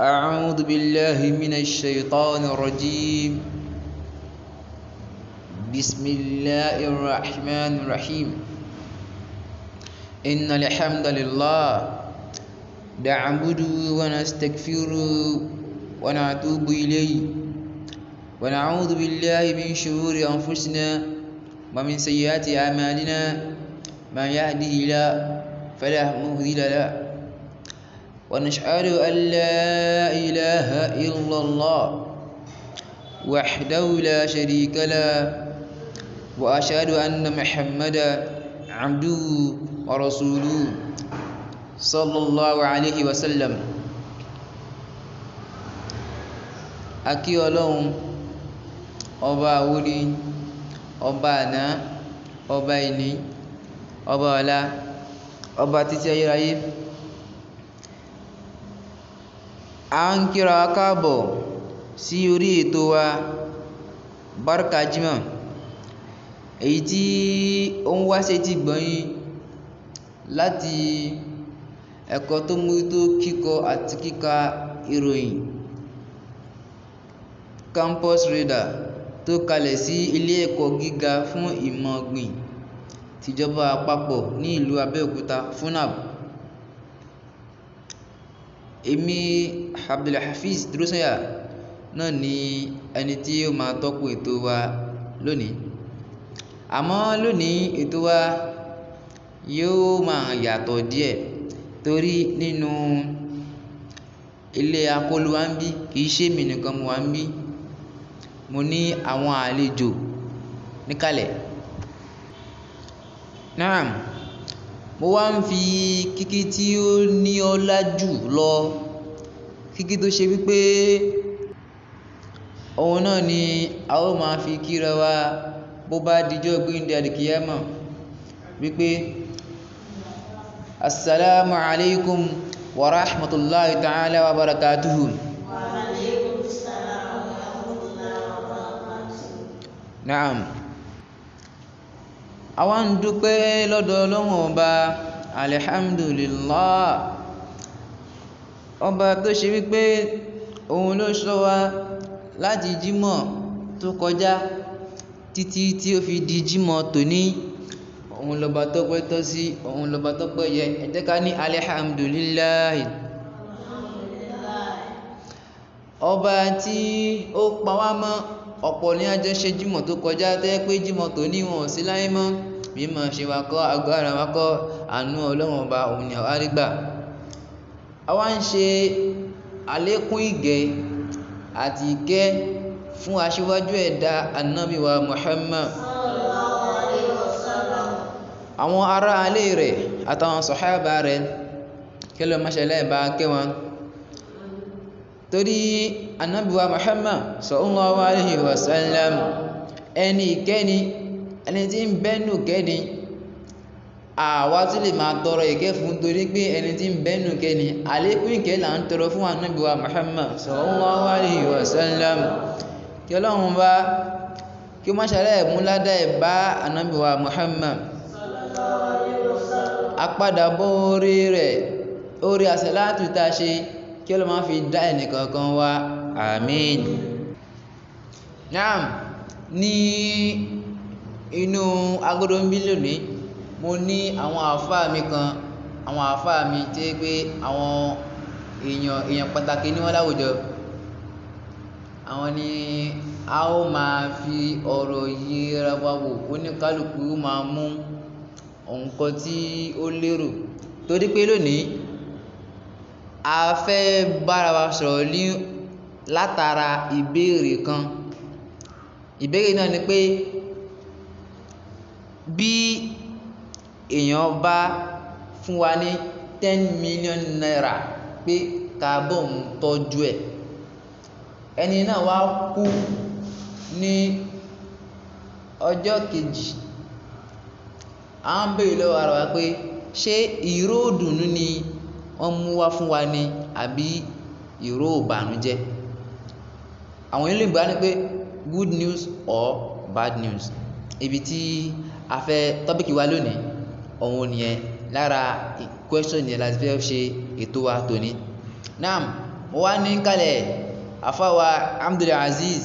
أعوذ بالله من الشيطان الرجيم بسم الله الرحمن الرحيم إن الحمد لله نعبده ونستغفره ونتوب إليه ونعوذ بالله من شرور أنفسنا ومن سيئات أعمالنا من يهده الله فلا مهدي له ونشهد أن لا إله إلا الله وحده لا شريك له وأشهد أن محمدا عبده ورسوله صلى الله عليه وسلم أكي ولوم أبا ولي أبا أنا أبا إني أبا ọ̀la أبا títí a ń kíra káàbọ̀ sí orí ètò wa Barka Jimoh èyí tí ó ń wá sétí gbọ̀nyìn láti ẹ̀kọ́ tó mójútó kíkọ àti kíka ìròyìn campus radar tó kalẹ̀ sí ilé ẹ̀kọ́ gíga fún ìmọ̀ ọ̀gbìn tìjọba àpapọ̀ ní ìlú Abẹ́òkúta funab èmi Abdulhafiz Durosanya náà ni ẹni tí ó máa tọ́kù ètò wa lónìí àmọ́ lónìí ètò wa yóò máa yàtọ̀ díẹ̀ torí nínú ilé akóló wa ń bí kì í ṣe mí nìkan mo wà ń bí mo ní àwọn àlejò níkàlẹ̀ naam mo wá ń fi kíkí tí ó ní ọlá jù lọ kíkí tó ṣe wípé òun náà ni a ó máa fi kíra wa bó bá dijọ́ gbéǹde àdìkíyàmọ̀ wípé assalamu alaikum wa rahmatullahi ta'ala wa barakatuhu. Wa alaikum àwa ń dúpẹ́ lọ́dọ̀ ọlọ́run ọba alihamdulillah ọba tó ṣe wípé òun ló sọ wa láti jímọ̀ tó kọjá títí tí ó fi di jímọ̀ tòní òun lọ́ba tọ́pẹ́ tọ́ sí òun lọ́ba tọ́pẹ́ yẹ ẹ ká ní alihamdulilayi ọba tí ó pa wá mọ́ ọ̀pọ̀ ní ajẹ́ ṣe jímọ̀ tó kọjá tẹ́ pé jímọ̀ tó ní wọn ò sí láyé mọ́ mímọ̀ ṣe wa kọ́ agbára wa kọ́ àánú ọlọ́run ọba òun ni àwa rí gbà. àwa ń ṣe àlékún ìgẹ̀ àti ìkẹ́ fún aṣíwájú ẹ̀dá ànábì Muhammad àwọn ará alé rẹ̀ àtàwọn sọ̀hábà rẹ̀ kí ló máa ṣẹlẹ̀ bá kẹ́ torí anabiwa muhammad sallallahu alayhi wa sallam ẹni ìkẹ́ni ẹni tí ń bẹ́nu kẹ́ni àwa tún lè máa tọrọ ìkẹ́ fún torí pé ẹni tí ń bẹ́nu kẹ́ni àlékún ìkẹ́ là ń tọrọ fún anabiwa muhammad sallallahu alayhi wa sallam kí ọlọ́run bá kí wọ́n ṣàlàyé múládà ẹ̀ bá anabiwa muhammad apádàbọ̀ orí rẹ̀ orí àṣàlátù tá a ṣe kí ó lè máa fi dá ẹnìkankan wá àmín. naam ní inú agodo ń bí lónìí mo ní àwọn àáfàá mi kan àwọn àáfàá mi tí ó pé àwọn èèyàn èèyàn pàtàkì ni wọ́n láwùjọ àwọn ni a ó máa fi ọ̀rọ̀ yíra wa wò oníkálukú máa mú nǹkan tí ó lérò torí pé lónìí a fẹ́ bára wa sọ̀rọ̀ ní látara ìbéèrè kan ìbéèrè náà ni pé bí èèyàn bá fún wa ní ten million naira pé ká bọ̀ ń tọ́jú ẹ̀ ẹni náà wá kú ní ọjọ́ kejì à ń béèrè lọ́wọ́ ara wa pé ṣé ìró ni. wọ́n mú wá fún wa ni àbí ìró ìbànújẹ́. Àwọn eléyìnbo á ní pé good news or bad news. Ibi tí a fẹ́ tọ́pìkì wa lónìí, òun nìyẹn lára question yẹn láti fẹ́ ṣe ètò wa tòní. Naam, mo wá ní kálẹ̀ àfáwà Abdul Azeez.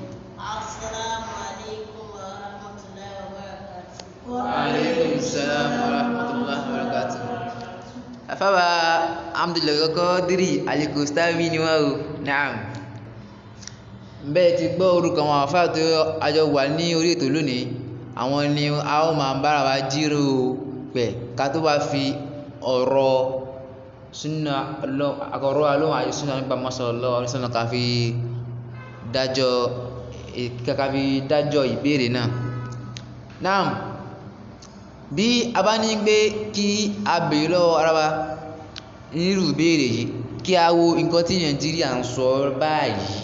aleykum salaam wa rahmatullahi wa barakatuh. àfàwà amdulayi kọ́kọ́ dírì àlekò sítárì ni wọ́n o naam bẹ́ẹ̀ ti gbọ́ orúkọ àwọn àfáà tó àjọ wà ní orí ètò lónìí àwọn ni a ó máa bára wa jírò pẹ̀ ká tó bá fi ọ̀rọ̀ súnà àkọ̀rọ̀ alóhùn àyè súnà nípa mọ́sọ̀lọ́ ọ̀rẹ́sọ̀nà ká fi dájọ́ ká ìbéèrè náà. náà bí a bá ní pé kí a béèrè lọ́wọ́ ara wa nírú ìbéèrè yìí kí a wo nǹkan tí nàìjíríà ń sọ báyìí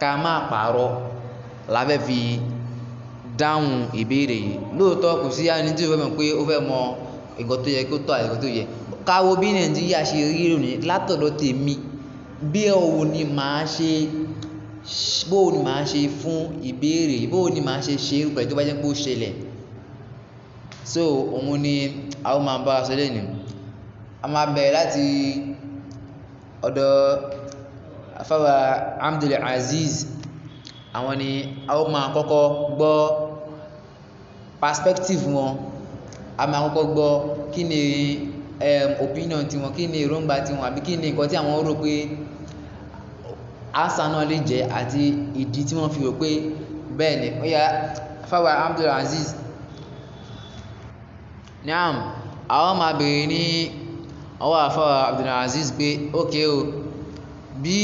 ká má pààrọ̀ lábẹ́ fi dáhùn ìbéèrè yìí lóòótọ́ kò sí ẹni tí ó fẹ́ mọ̀ pé ó fẹ́ mọ nǹkan tó yẹ kó tọ́ àti nǹkan tó yẹ ká wo bí nàìjíríà ṣe rí lónìí látọ̀dọ̀ tèmi bí òun ni màá ṣe bóun ni màá ṣe fún ìbéèrè bóun ni màá ṣe ṣe é pẹ̀lú tó bá jẹ́ pé ó ṣẹlẹ̀ so òun ni a ó máa bá a sọ lẹ́nu a máa bẹ̀rẹ̀ láti ọ̀dọ̀ afáwa Abdul Aziz àwọn ni a ó máa kọ́kọ́ gbọ́ perspective wọn a máa kọ́kọ́ gbọ́ kí ni um, opinion tiwọn kí ni èròǹgbà tiwọn àbí kí ni nǹkan tí àwọn rò pé àṣà náà lè jẹ́ àti ìdí tí wọ́n fi rò pé bẹ́ẹ̀ ni ó yá fáwa Abdul Aziz Naam, àwọn máa bèèrè ní ọwọ́ àfọwọ́ Abdulaziz pé ókè o bí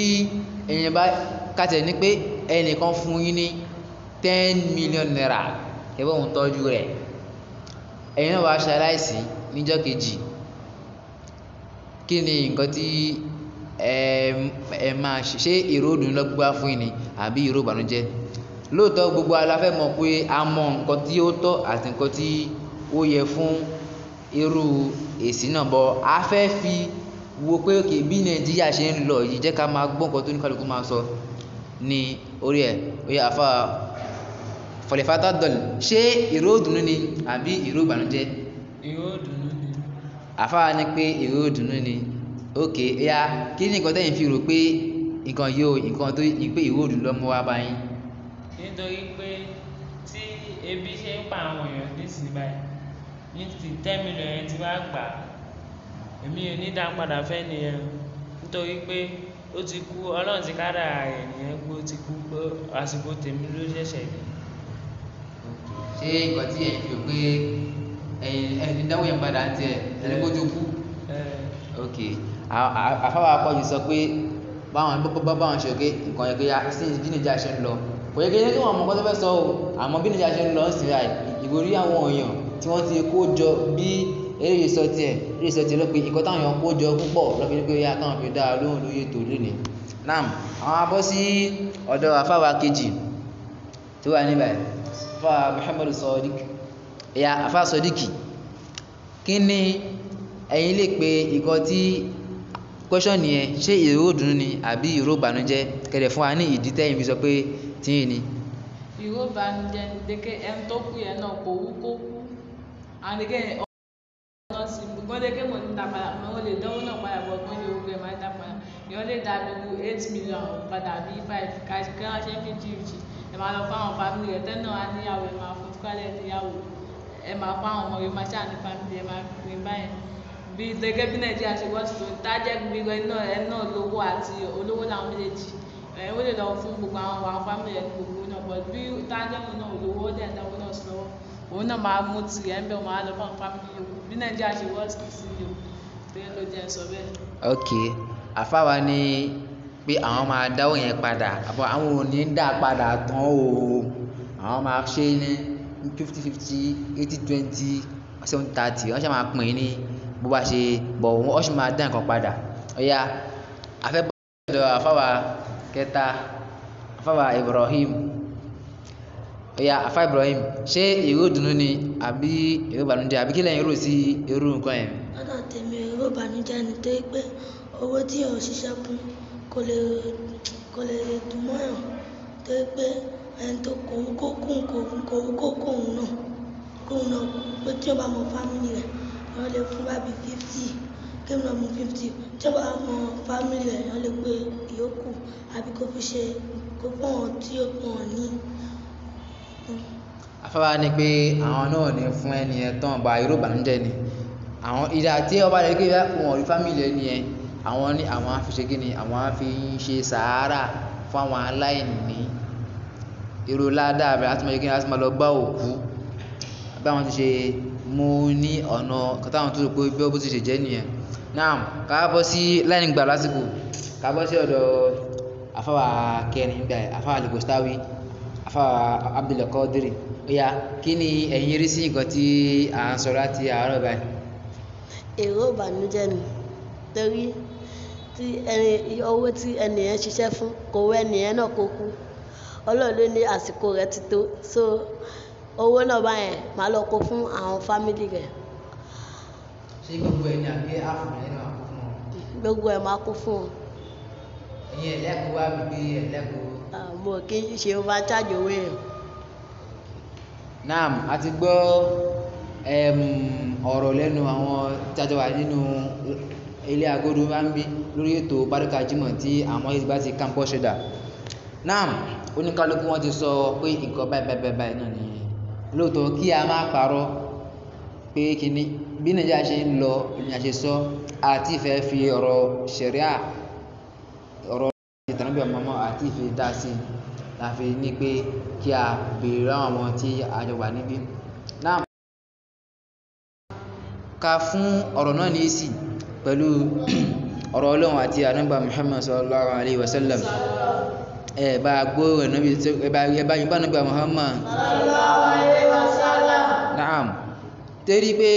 èèyàn bá kàtẹ́ ní pé ẹnìkan fún yín ní ten million naira ẹ̀bọ́n òun tọ́jú rẹ̀ ẹ̀yin náà wàá ṣaláìsí níjọ́ kejì kí ni nǹkan tí ẹ máa ṣe ṣé ìró òdùn lọ́gbà fún yín ni àbí ìró lóòótọ́ gbogbo aláfẹ́ mọ̀ pé a mọ nǹkan tí ó tọ́ àti nǹkan tí ó yẹ fún irú èsì náà bọ̀ a fẹ́ fi wo pé òkè bí nàìjíríà ṣe ń lọ yìí jẹ́ ká máa gbọ́ nǹkan tó ní kálukú máa sọ ní orí ẹ̀ oyè àfa fọlẹ́fàtà dọ̀lì ṣé ìró ìdùnnú ni àbí ìró ìbànújẹ́. ìró ìdùnnú ni. àfa ni pé ìró ìdùnnú ni ok ya kí ni nǹkan tẹ́yìn fi rò pé nǹkan yìí o nǹkan tó yí pé ìró ìdùnnú lọ́mọ wa bá yín. nítorí pé tí ebi ṣe ń pa àwọn èèyàn nísìnyí báyìí ní ti ten million yẹn ti wá gbà èmi ò ní dáa padà fẹ́ nìyẹn nítorí pé ó ti kú ọlọ́run ti kára rẹ̀ nìyẹn pé ó ti kú pé àsìkò tèmi ló ṣẹ̀ṣẹ̀ yìí. ṣé ìgbà tí ẹ̀yin fi pé ẹ̀yin dáwọ́ yẹn padà ń tiẹ̀ ẹni kó tó kú. ok àfáwà akọ́jú sọ pé báwọn bá báwọn ṣe pé nǹkan yẹn pé sí bí nìjà ṣe ń lọ kò yẹ kí wọ́n mọ̀ kọ́tọ́ fẹ́ sọ o àmọ́ bí nìjà ṣe ń lọ ń sìn ìwé orí àwọn èèyàn tí wọ́n ti kó jọ bí eré sọ tiẹ̀ eré sọ tiẹ̀ ló pe ìkọ́ táwọn èèyàn kó jọ púpọ̀ lọ́fi ní pé yá káwọn fi dáa lóhùn lóye tó lónìí nam àwọn abọ́ sí ọ̀dọ̀ àfáwà kejì tó wà níbẹ̀ àfá Muhammadu Sadiq ẹ̀yà àfá Sadiq kí ni ẹ̀yin lè pe ìkọ́ tí question yẹn ṣé ìró ìdùnnú ni àbí ìró ìbànújẹ́ kẹ̀dẹ̀ fún wa ní ìdí tẹ́yìn fi sọ pé tíyìn ni. ìró ìbànújẹ́ ni pé ẹni tó kú yẹn náà kò wú kó kú and again ọ̀nà sì wọ́n lè kéwọ́n ní dápadà mọ́ wọ́n lè dánwó náà padà bọ̀ wọ́n lè ogun ẹ̀ máa ń dápadà ìyọ́n lè dá gbogbo eight million padà bí five káàkiri kí wọ́n ṣe ń fi jìbìtì ẹ̀ máa lọ fáwọn fámìlì rẹ̀ tẹ́nà á níyàwó ẹ̀ máa fún kálẹ̀ níyàwó ẹ̀ máa fáwọn ọmọ rẹ̀ máa ṣáà ní fámìlì ẹ̀ máa pè báyìí bí gẹ́gẹ́ bí nàìjíríà ṣe wọ́n ti tó tájẹ́ gbígbẹ́ ẹ̀ náà lówó àti olówó làwọn méjèèjì ẹ̀ ó lè lọ fún gbogbo àwọn àwọn fámìlì ẹ̀ gbogbo náà bọ̀ bí tájẹ́ mu náà olówó ó dẹ̀ dáwó náà sí òun náà máa mú tirẹ̀ ń bẹ̀ wọ́n á lọ fún àpamọ́ yòókù bí nàìjíríà ṣe wọ́n sì sí yòókù pé ló jẹ́ sọ bẹ́ẹ̀. ok àfáwa ni pé àwọn máa dáwọ́ yẹn padà àbọ̀ àwọn ò ní dá padà tán o àwọn máa ṣe ní fifty fifty eighty twenty seven thirty wọ́n ṣe máa pín ní bó bá ṣe bọ̀ wọ́n ṣe máa dá nǹkan padà ọ̀ya afẹ́bọ̀ àfáwa kẹta àfáwa Ibrahim. Oya afa Ibrahim ṣé èrò ìdùnnú ni àbí èrò ìbànújẹ́ àbí kí lẹ́yìn rò sí irú nǹkan yẹn. lọ́dọ̀ tèmi èrò ìbànújẹ́ ni tó yẹ pé owó tí yàn ṣiṣẹ́ fún kò lè kò lè dùn mọ́yàn tó yẹ pé ẹni tó kòun kó kóun kòun kòun kó kóun náà kóun náà pé tí o bá mọ fámìlì rẹ̀ yàn lè fún bábí fífítì kéwọn náà mú fífítì tí yóò bá mọ fámìlì rẹ̀ yàn lè pé ìyókù àbí kó fi ṣe kó pọ̀ tí yóò pọ̀ ní afáwa ni pé àwọn náà ní fún ẹni yẹn tán gba irú ìbànújẹ́ ni àwọn ìdá tí ọba rẹ kéwàá wọn rí fámìlì ẹni yẹn àwọn ní àwọn á fi ṣe kíni àwọn á fi ń ṣe sàárà fún àwọn aláìní irú ládàá rẹ láti máa ṣe kíni láti máa lọ gbá òkú báwọn ti ṣe mú ní ọ̀nà kọ́tàwọn tó rò pé bí ó bó ti ṣe jẹ́ nìyẹn náà káàbọ̀ sí lẹ́yìn gbà lásìkò káàbọ̀ sí ọ̀dọ̀ afáwa kẹrin gbà afáwa lè kò afa abdulkadiri oya kini ni ẹ̀yin rí sí nǹkan tí à ń sọ láti àárọ̀ báyìí. èrò ìbànújẹ́ ni torí tí ẹni owó tí ẹnìyẹn ṣiṣẹ́ fún kò wọ ẹnìyẹn náà kó kú ọlọ́run ní àsìkò rẹ̀ ti tó so owó náà báyẹn máa lọ kó fún àwọn fámìlì rẹ̀. ṣé gbogbo ẹ̀ ní àbí àfọ̀nẹ́ náà kó fún ọ. gbogbo ẹ̀ máa kó fún ọ. ẹ̀yin ẹ̀lẹ́kùn wá mi ẹ̀lẹ́kùn àmọ́ kì í ṣe overcharge owó yẹn. naam a ti gbọ́ ọ̀rọ̀ lẹ́nu àwọn tájọ wà nínú ilé agodo máa ń bí lórí ètò Baríka Jimoh tí àwọn yìí bá ti campus ṣẹ̀dá naam oníkálukú wọn ti sọ pé nǹkan báyìí báyìí báyìí náà nìyẹn lóòótọ́ kí a máa parọ́ pé kínní bí nàìjíríà ṣe ń lọ ìrìnàṣẹ sọ àti ìfẹ́ fi ọ̀rọ̀ ṣẹ̀ríà tànàbí ọmọọmọ àti ìfi dá sí la fi ní pé kí a béèrè àwọn tí a jọ wà níbí. náà ká fún ọ̀rọ̀ náà ní èsì pẹ̀lú ọ̀rọ̀ ọlọ́run àti ànábà Muhammad sallallahu alayhi wa sallam ẹ bá gbóòrò nàbí ẹ bá yẹ bá yín bá nàbà Muhammad sallallahu alayhi wa sallam. naam torí pé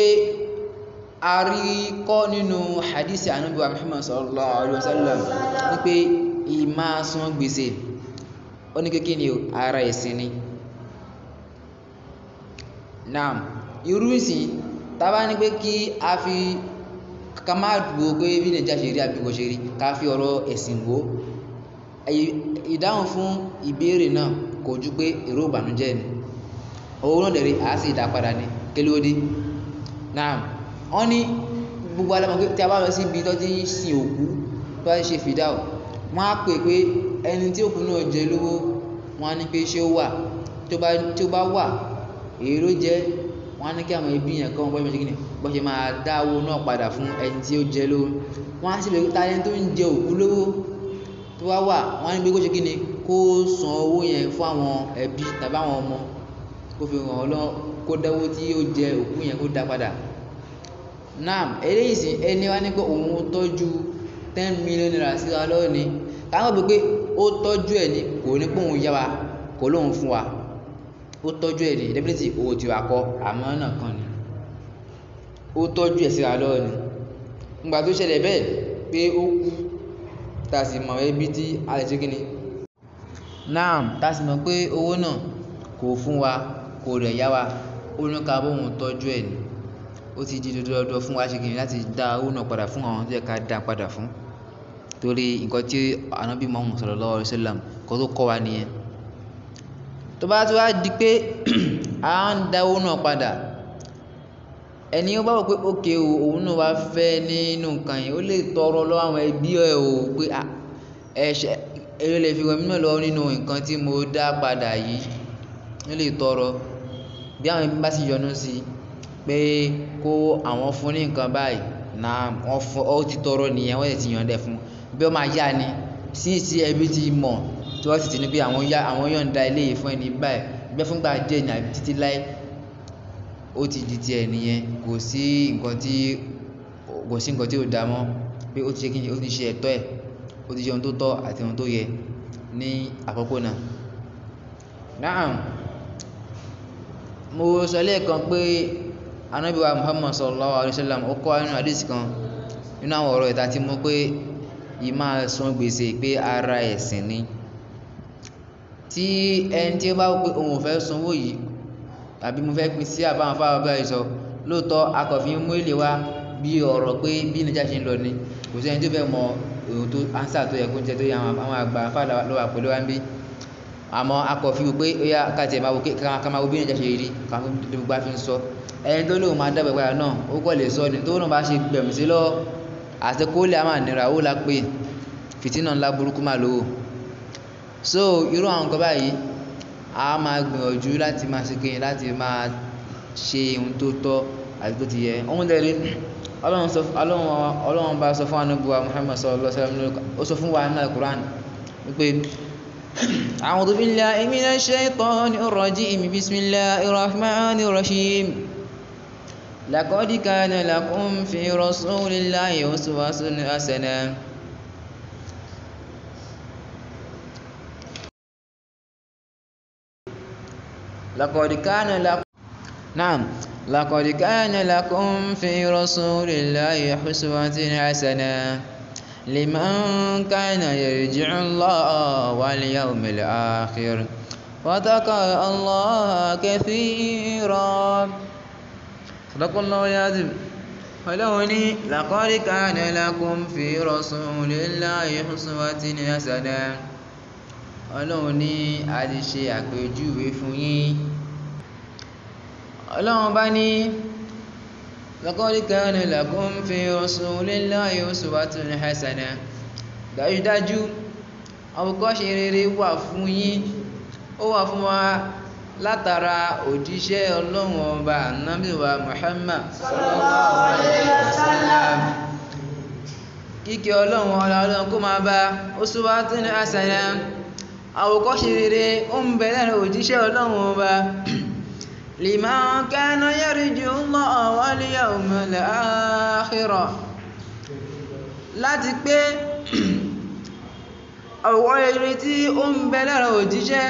a rí kọ́ nínú hadisi ànábà Muhammad sallallahu alayhi wa sallam ni pé ìmá san gbèsè ó ní kékeré ni ara ẹ̀sìn ni naam irú ìsìn tábà ní pé kí a fi ká má dùn ó pé bí nàìjíríà ṣe rí àbí kò ṣe rí ká fi ọ̀rọ̀ ẹ̀sìn wò ó ìdáhùn fún ìbéèrè náà kò ju pé èrò ìbànújẹ́ ni owó náà dẹ̀rẹ̀ àá sì dá padà ní kí ló naam wọ́n ní gbogbo alamọ̀ pé tí a bá lọ sí ibi tó ti ń sin òkú tó bá ti ṣe fìdáwò wọ́n á pè pé ẹni tí òkú náà jẹ lówó wọ́n á ní pé ṣé ó wà tó bá tó bá wà èyí ló jẹ́ wọ́n á ní kí àwọn ẹbí yẹn kọ́ wọn bọ́ ṣe máa ṣe kí ni bọ́ ṣe máa dá owó náà padà fún ẹni tí ó jẹ lówó wọ́n á sì lè ta ẹni tó ń jẹ òkú lówó tó bá wà wọ́n á ní pé kó ṣe kí ni kó san owó yẹn fún àwọn ẹbí tàbí àwọn ọmọ kó fi hàn ọ́ kó dáwó tí ó jẹ òkú yẹn kó dá padà náà eléyìí sì ẹni wá ní pé òun tọ́jú ten million naira sí wa lónìí káwọn mọ̀ pé ó tọ́jú ẹ̀ ní kò ní pé òun yá wa kò lóun fún wa ó tọ́jú ẹ̀ ní definitely owó tiwa kọ́ àmọ́ náà kan ni ó tọ́jú ẹ̀ sí wa lónìí ìgbà tó ṣẹlẹ̀ bẹ́ẹ̀ pé ó kú tá a sì mọ̀ ẹbí tí a lè ṣe kí ni náà tá a sì mọ̀ pé owó náà kò fún wa kò rẹ̀ yá wa ó ní ká bóun tọ́jú ẹ̀ ní ó ti di dandan fún wa ṣe kìnnìún láti dá owó náà padà fún àwọn tó yẹ ká dá padà fún torí nǹkan tí anabi muhammad sallallahu alayhi wa sallam kò tó kọ́ wa nìyẹn tó bá tó wá di pé à ń da owó náà padà ẹni ó bá wò pé òkè o òun náà wá fẹ́ nínú nǹkan yìí ó lè tọrọ lọ́wọ́ àwọn ẹbí ẹ̀ o pé ẹ̀ṣẹ̀ èrè lè fi wọ̀nyí náà lọ́wọ́ nínú nǹkan tí mo dá padà yìí ó lè tọrọ bí àwọn ẹbí bá sì yọnu sí pé kó àwọn fún ní nǹkan báyìí náà wọ́n ti tọrọ nìyẹn wọ́n sì ti yàn dẹ̀ fún un àbí ọmọ àyà ni sí ti ẹbí ti mọ̀ tí wọ́n sì ti ní bí àwọn yá àwọn yọ̀ǹda ilé yìí fún ẹni báyìí gbẹ́ fúngbà díẹ̀ ní àbí títí láé ó ti di tiẹ̀ nìyẹn kò sí nǹkan tí kò sí nǹkan tí ò dá mọ́ pé ó ti ṣe kí ó ti ṣe ẹ̀tọ́ ẹ̀ ó ti ṣe ohun tó tọ́ àti ohun tó yẹ ní àkókò náà. naam mo sọ lẹ́ẹ̀kan pé anábìwá Muhammad sallallahu alayhi wa sallam ó kọ́ inú àdìsí kan nínú àwọn ọ̀rọ̀ ìta tí mo pé yìí máa san gbèsè pé ara ẹ̀sìn ni tí ẹni tí ó bá pé òun ò fẹ́ sanwó yìí àbí mo fẹ́ pin sí àbáwọn fáwọn bá yìí sọ lóòótọ́ akọ̀fin mú èlé wa bí ọ̀rọ̀ pé bí níjà ṣe ń lọ ni kò sẹ́ni tó fẹ́ mọ òun tó ánsà tó yẹ kó ń jẹ tó yẹ àwọn àgbà fáwọn lọ́wọ́ àpò lọ́wọ́ ń bí àmọ́ akọ̀fin wò pé ó yá kájẹ máa wò pé ká máa wo bí níjà ṣe rí ká máa fi ń sọ ẹni tó lóun máa dábàá padà náà ó kọ̀ lè sọ ni tó náà bá ṣe gbẹ̀mí lọ́wọ́ àti kó lè àmà nira owó la pé fìtínà ńlá burúkú máa lówó so irú àwọn nǹkan báyìí a máa gbìyànjú láti máa ṣe kéyìn láti máa ṣe ohun tó tọ́ àti tó ti yẹ ohun tẹ̀lé ọlọ́run bá sọ fún anubuwa Muhammad sallallahu alaihi wasallam ó sọ fún wa nínú Al-Qur'an wípé a'udhu billahi minash shaitani rrajim bismillahir rahmanir rahim. لقد كان لكم في رسول الله أسوة حسنة لقد كان لكم نعم لقد كان لكم في رسول الله أسوة حسنة لمن كان يرجع الله واليوم الآخر وذكر الله كثيرا صدق الله العظيم ọlọ́run ní laqad kana lakum fi rasulillahi uswatun hasanah ọlọ́run ní a ti ṣe àpèjúwe fún yín ọlọ́run bá ní laqad kana lakum fi rasulillahi uswatun hasanah dájúdájú àwòkọ́ṣe rere wà fún yín ó wà fún wa látara òjíṣẹ́ ọlọ́run ọba ànábìwá Muhammad sallallahu alaihi wasallam kíkẹ́ ọlọ́run ọlá ọlọ́run kó máa bá uswatun hasana àwòkọ́ṣe rere ó ń bẹ lára òjíṣẹ́ ọlọ́run ọba liman kana yarju Allaha wal yawmal akhirah láti pé àwòkọ́ṣe rere tí ó ń bẹ lára òjíṣẹ́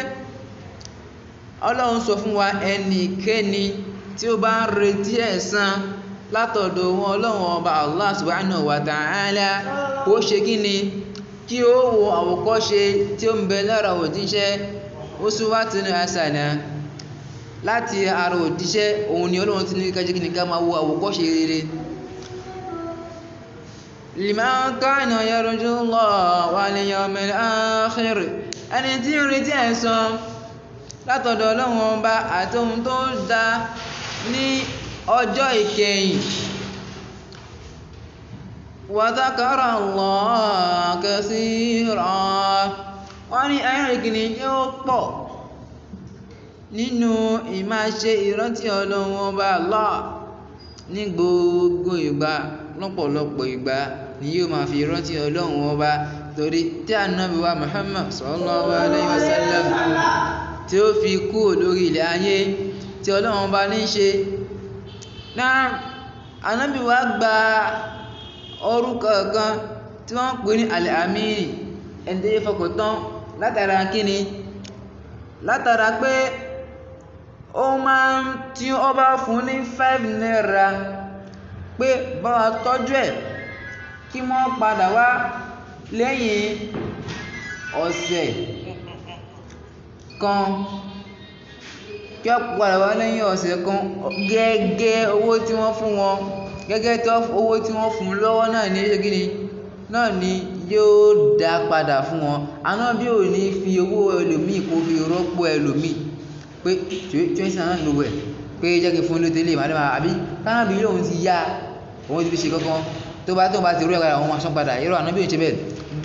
ọlọ́run sọ fún wa ẹnikẹ́ni tí ó bá ń retí ẹ̀san látọ̀dọ̀ wọn ọlọ́run ọba allah subhanahu wa ta'ala ó ṣe kí ni kí ó wo àwòkọ́ṣe tí ó ń bẹ lára òjíṣẹ́ uswatun hasana láti ara òjíṣẹ́ òun ni ọlọ́run ti ní kájí kí ni ká máa wo àwòkọ́ṣe rere liman kana yarju Allah wal yawmil ẹni tí ń retí ẹ̀san látọ̀dọ̀ ọlọ́run ọba àti ohun tó da ní ọjọ́ ìkẹyìn wàtàkàrà Allah kasira wọ́n ní ayọ̀rìnkìnì yóò pọ̀ nínú ìmáṣe ìrántí ọlọ́run ọba Allah ní gbogbo ìgbà lọ́pọ̀lọpọ̀ ìgbà ni yóò máa fi rántí ọlọ́run ọba torí tí ànábì wa Muhammad sallallahu alaihi wasallam tí ó fi kúrò lórí ilẹ̀ ayé tí ọlọ́run bá ní í ṣe. náà anábì wa gba orúkọ kan tí wọ́n ń pè ní alẹ́ amíìrì ẹni tó yẹ fọkàn tán látara kíni látara pé ó máa ń tí ó bá fún ní five naira pé báwa tọ́jú ẹ̀ kí wọ́n padà wá lẹ́yìn ọ̀sẹ̀ kan yóò padà wá lẹ́yìn ọ̀sẹ̀ kan gẹ́gẹ́ owó tí wọ́n fún wọn gẹ́gẹ́ owó tí wọ́n fún un lọ́wọ́ náà ní ṣe kíni náà ni yóò dá padà fún wọn Ànábì ò ní fi owó ẹlòmíì kó fi rọ́pò ẹlòmíì pé twenty thousand ló wẹ̀ pé jẹ́ kí n fún un lóde lè má lè má àbí káàbí lòun ti yá òun ti fi ṣe kankan tó bá tó bá ti rú ẹ̀ padà òun máa san padà irú Ànábì ò ń ṣe bẹ́ẹ̀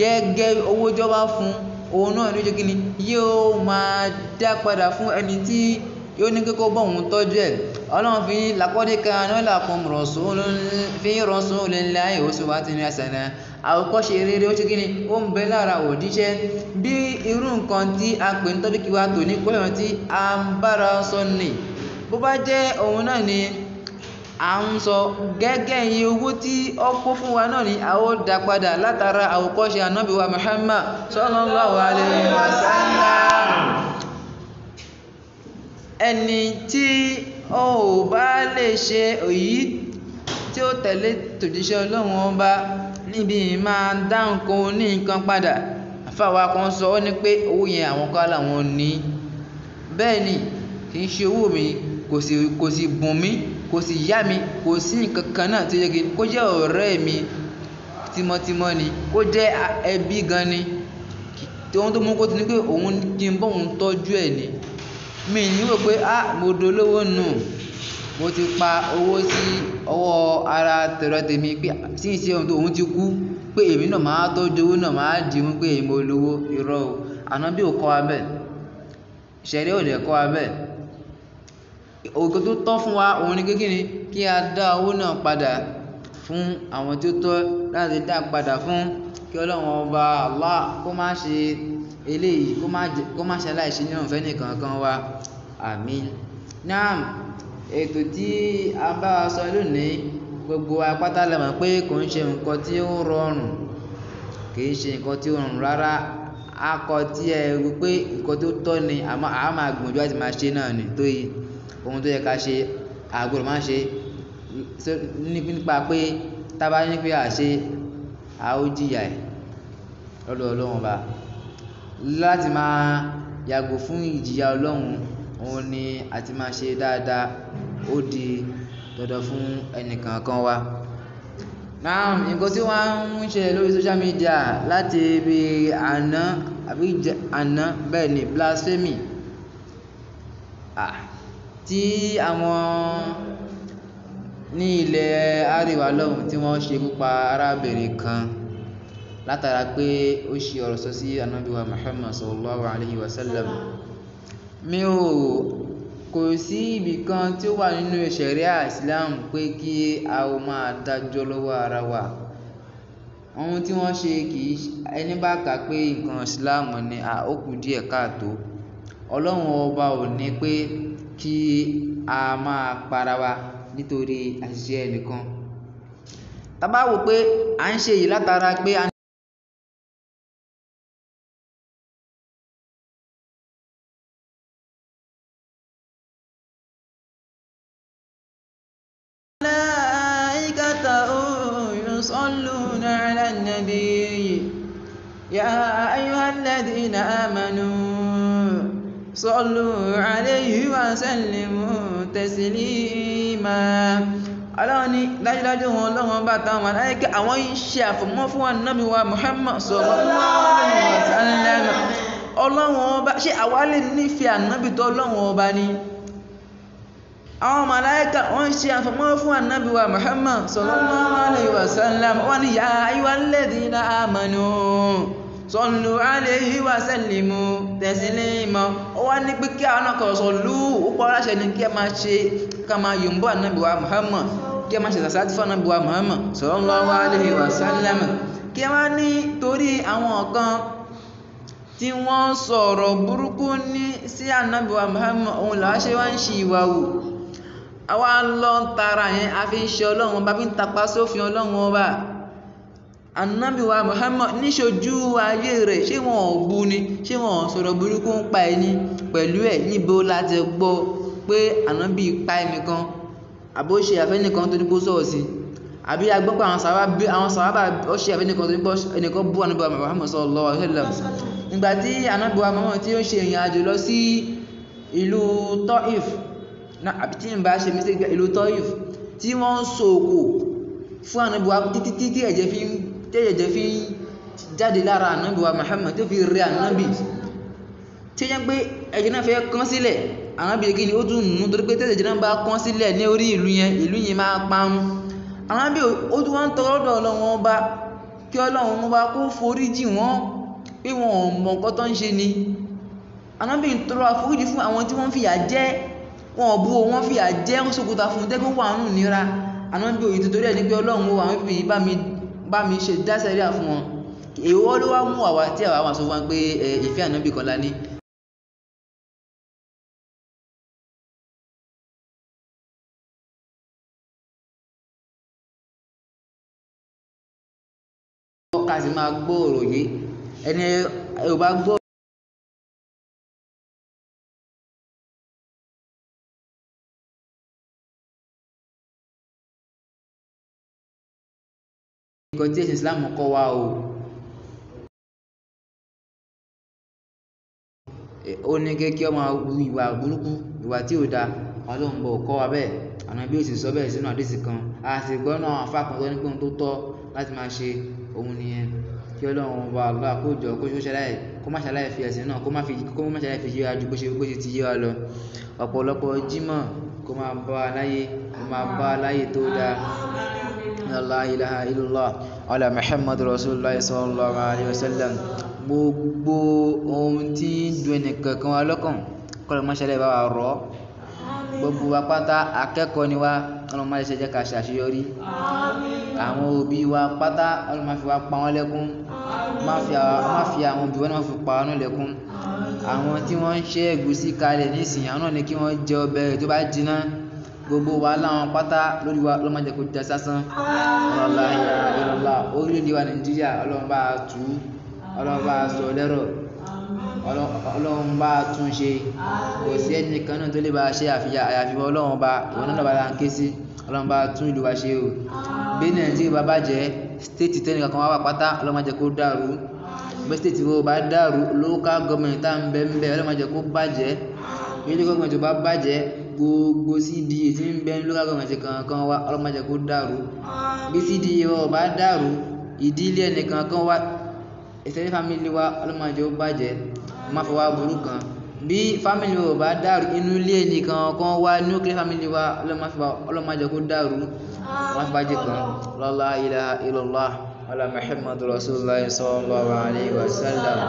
gẹ́gẹ́ owó jọba fún òun náà ni ó ni yóò máa dá padà fún ẹni tí yóò ní kíkó bọ̀ òun tọ́jú ẹ̀ ọlọ́run fi làkọ́dé kan náà làkùn rọ̀sùn fi rọ̀sùn olè ńlá ìhòsù wa ti ní ẹsẹ̀ náà àwòkọ́ṣe rere ó ni ó ń bẹ lára òjíṣẹ́ bí irú nǹkan tí a pè ń tọ́jú kí wa tò ní pẹ́lú tí a ń bára sọ bó bá jẹ́ òun náà ni à ń sọ gẹ́gẹ́ iye owó tí ó kó fún wa náà ni a ó dá padà látara àwòkọ́ṣe ànábì wa Muhammad sallallahu alaihi wasallam ẹni tí ó bá lè ṣe èyí tí ó tẹ̀lé tòjíṣẹ́ Ọlọ́run ọba níbi máa dá nǹkan ní nǹkan padà àfàwà kan sọ ọ́ ni pé owó yẹn àwọn kan làwọn ní bẹ́ẹ̀ ni kì í ṣe owó mi kò sì kò sì bùn mí kò sì yá mi kò sí nǹkan náà tó yẹ kí kó jẹ́ ọ̀rẹ́ mi tímọ́tímọ́ ni kó jẹ́ ẹbí gan ni ohun tó mú kó ti ní pé òun kí n bọ́ òun tọ́jú ẹ̀ ni mi ní wò pé ah mo dolówó nù mo ti pa owó sí ọwọ́ ara tẹ̀rọ tèmi pé sí ìṣe ohun tó òun ti kú pé èmi náà máa tọ́jú owó náà máa dì mú pé èmi olówó irọ́ o àná bí ò kọ́ wa bẹ́ẹ̀ ò lè kọ́ wa ògo tó tọ́ fún wa òun ni kékeré kí a dá owó náà padà fún àwọn tí ó tọ́ láti dá padà fún kí ọlọ́run ọba Allah kó má ṣe eléyìí kó má ṣe aláìṣe nínú ìfẹ́ nìkan kan wa àmín naam ètò tí a bá wa sọ lónìí gbogbo apáta la mọ̀ pé kò ń ṣe nǹkan tí ó rọrùn kì í ṣe nǹkan tí ó rọrùn rárá akọ tí ẹ rú pé nǹkan tó tọ́ ni àmọ́ àá máa gbìyànjú àti máa ṣe náà ní tó yìí ohun tó yẹ ká ṣe àgbọ́dọ̀ máa ṣe nípa pé tábà ní pé àṣe a ó jìyà ẹ̀ lọ́dọ̀ ọlọ́run ọba láti máa yàgò fún ìjìyà ọlọ́run òun ni àti máa ṣe dáadáa ó di dandan fún ẹnìkankan wa náà nǹkan tí wọ́n ń ṣe lórí social media láti ibi àná àbí àná bẹ́ẹ̀ ni blasphemy ah tí àwọn ní ilẹ̀ àríwá lọ́hùn tí wọ́n ṣekú pa arábìnrin kan látara pé ó ṣe ọ̀rọ̀ sọ sí Ànábì Muhammad sallallahu alayhi wa sallam mi ò kò sí ibì kan tí ó wà nínú ṣẹ̀ríà Islam pé kí a ó máa dájọ́ lọ́wọ́ ara wa ohun tí wọ́n ṣe kì í ẹni bá kà pé nǹkan Islam ni a ó kù díẹ̀ káàtó Ọlọ́run ọba ò ní pé kí a máa para wa nítorí àṣìṣe ẹnìkan tá wò pé à ń ṣe èyí látara pé a يا أيها الذين آمنوا صلوا عليه وسلموا تسليما ọlọ́run ní dájúdájú wọn ọlọ́run bá táwọn màláíkà àwọn iṣẹ́ àfọ̀mọ́ fún wa nàbí wa Muhammad sallallahu alaihi wasallam ọlọ́run ọba ṣé àwa lè nífẹ̀ẹ́ ànábì tó ọlọ́run ọba ni àwọn màláíkà wọ́n ṣe àfọ̀mọ́ fún ànábì wa Muhammad sallallahu alaihi wasallam ní ya ayyuhalladhina sọ̀lù aléhi wa sẹ́lìmù tẹ̀sílímọ̀ ó wá ní pé kí àwọn náà kọ̀ sọ̀lù ó pa aláṣẹ ni kí ẹ máa ṣe ká máa yòǹbọ̀ ànábì wa Muhammad kí ẹ máa ṣe sàṣáàtì fún ànábì wa Muhammad sallallahu aléhi wa sálẹ́mù kí ẹ máa ní torí àwọn kan tí wọ́n sọ̀rọ̀ burúkú ní sí ànábì wa Muhammad òun làwọn ṣe wá ń ṣe ìwà wò àwa lọ tara yẹn a fi ń ṣe ọlọ́run ọba fi ń tapa sófin ọlọ́run ọba anabiwa muhammad níṣojú ayé rẹ̀ ṣé wọn ò bu ni ṣé wọn ò sọ̀rọ̀ burúkú ń pa ẹni pẹ̀lú ẹ̀ níbo la ti gbọ́ pé ànábì pa ẹnìkan àbó ṣe àfẹ́nìkan tó ní kó sọ̀rọ̀ sí àbí a gbọ́ pé àwọn sàhábà bí àwọn sàhábà ó ṣe àfẹ́nìkan tó ní kó ẹnìkan bú ànábìwa muhammad sallallahu alaihi wasallam ìgbà tí ànábìwa muhammad tí ó ṣe ìrìn àjò lọ sí ìlú Taif àbí tí n bá ṣe mistake ìlú Taif tí wọ́n ń so òkò fún ànábìwa títí títí ẹ̀jẹ̀ fi ń tẹ́jẹ̀jẹ̀ fi jáde lára ànábì wa Muhammad tó fi rẹ ànábì tí ó yẹ pé ẹ̀jẹ̀ náà fẹ́ kán sílẹ̀ ànábì kí ni ó tún nù torí pé tẹ́jẹ̀jẹ̀ náà bá kán sílẹ̀ ní orí ìlú yẹn ìlú yẹn máa parun ànábì ó tún wá ń tọrọ lọ́dọ̀ ọlọ́run ọba kí ọlọ́run ọba kó foríjì wọ́n pé wọn ò mọ nǹkan tó ń ṣe ni ànábì ń tọrọ àforíjì fún àwọn tí wọ́n fìyà jẹ wọn ò bú wọn fìyà jẹ wọn fún tẹ́gbọ́n wà ń nira ànábì òyìn tuntun rẹ̀ ní pé ọlọ́run ó àwọn ìbí bá mi bá mi ṣe dáṣẹ́ríà fún wọn èèwọ̀ ló wá mú àwa tí àwa wà sọ fún wa pé ìfẹ́ ànábì kan la ní ká sì máa gbọ́ ọ̀rọ̀ yìí ẹni ò gbọ́ nǹkan tí Islam kọ́ wa o ó ní kékeré ọmọ ìwà burúkú ìwà tí ò da ọlọ́run bọ̀ kọ́ wa bẹ́ẹ̀ àwọn ẹbí òsì sọ bẹ́ẹ̀ sínú àdéhìsì kan a sì gbọ́ náà afá kan tó ní pé ohun tó tọ́ láti máa ṣe òun nìyẹn kí ọlọ́run bá lọ́wọ́ àkójọ kó ṣe ṣaláì kó má ṣaláì fi ẹ̀sìn náà kó má ṣaláì fi yé wa ju bó ṣe bó ṣe ti yé wa lọ ọ̀pọ̀lọpọ̀ jímọ̀ kó máa bá wa láyé kó máa bá wa tó dáa inna la ilaha illallah ala muhammad rasulillah sallallahu alayhi wa sallam gbogbo ohun tí ń dùn ẹnìkankan wa lọ́kàn kọ́lọ́ mọ́ṣẹ́lẹ̀ bá wa rọ́ gbogbo wa pátá akẹ́kọ̀ọ́ ni wa ọlọ́run má ṣe jẹ́ ká ṣàṣeyọrí àwọn òbí wa pátá ọlọ́run má fi wa pa wọ́n lẹ́kún má fi àwọn òbí wọn náà fi pa wọ́n lẹ́kún àwọn tí wọ́n ń ṣe ẹ̀gúsí kalẹ̀ nísìnyí àwọn náà ni kí wọ́n jẹ ọbẹ̀ rẹ̀ tó bá jiná gbogbo wàhálà wọn pátá lórí wa ló máa jẹ́ kó já sásán ọlọ́lá ìrọ̀lá orílẹ̀-èdè wa nàìjíríà ọlọ́run bá a tù ú ọlọ́run bá a sọ lẹ́rọ̀ ọlọ́run bá a tún ṣe kò sí ẹnì kan náà tó lè bá a ṣe àyàfi ọlọ́run bá òun náà bá a ké sí ọlọ́run bá a tún ìlú wa ṣe o bí nàìjíríà bá bàjẹ́ stéètì tẹ́nì kankan wá wà pátá ọlọ́run máa jẹ́ kó dàrú bí stéètì wo bá dàrú local government tá à ń bẹ́ẹ̀ ń bẹ́ẹ̀ ọlọ́run máa jẹ́ kó bàjẹ́ ilé gọ́ọ̀mẹ̀ntì tó bá bàjẹ́ gbogbo CDA tí ń bẹ ní local government kọ̀ọ̀kan wa Ọlọ́run má jẹ́ kó dàrú bí CDA wa ò bá dàrú ìdílé ẹnì kọ̀ọ̀kan wa extended family wa Ọlọ́run má jẹ́ ó bàjẹ́ má fọwọ́ aburú kan bí family wa ò bá dàrú inú ilé ẹnì kọ̀ọ̀kan wa nuclear family wa Ọlọ́run má jẹ́ kó dàrú má fi bàjẹ́ kan la ilaha illallah wala muhammadur rasulullah sallallahu alaihi wasallam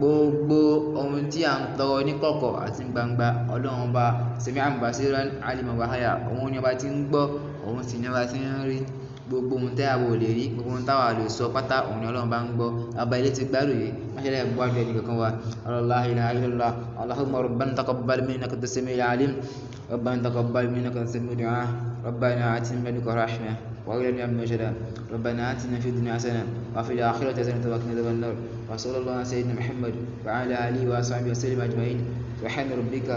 gbogbo ohun tí à ń tọrọ ní kọ̀kọ̀ àti gbangba Ọlọ́run Ọba Sami'an Basiran Aliman Wahaya òun ni ọba tí ń gbọ́ òun sì ni ọba tí ń rí gbogbo ohun tí àwa ò lè rí gbogbo ohun táwa lè sọ pátá òun ni Ọlọ́run bá ń gbọ́ ọba ilé ti gbádùn yìí má gbọ́ àdúrà ẹnì kankan wa la ilaha illallah Allahumma rabbana taqabbal minna innaka antas-sami'ul alim rabbana taqabbal minna innaka antas-sami'ud du'a rabbana atina min ladunka وإلى نعم المجرى ربنا آتنا في الدنيا حسنة وفي الآخرة حسنة وقنا عذاب النار وصلى الله على سيدنا محمد وعلى آله وصحبه وسلم أجمعين سبحان ربك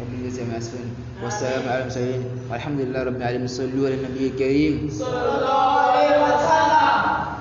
رب العزة عما يصفون والسلام على المرسلين والحمد لله رب العالمين صلوا على النبي الكريم صلى الله عليه وسلم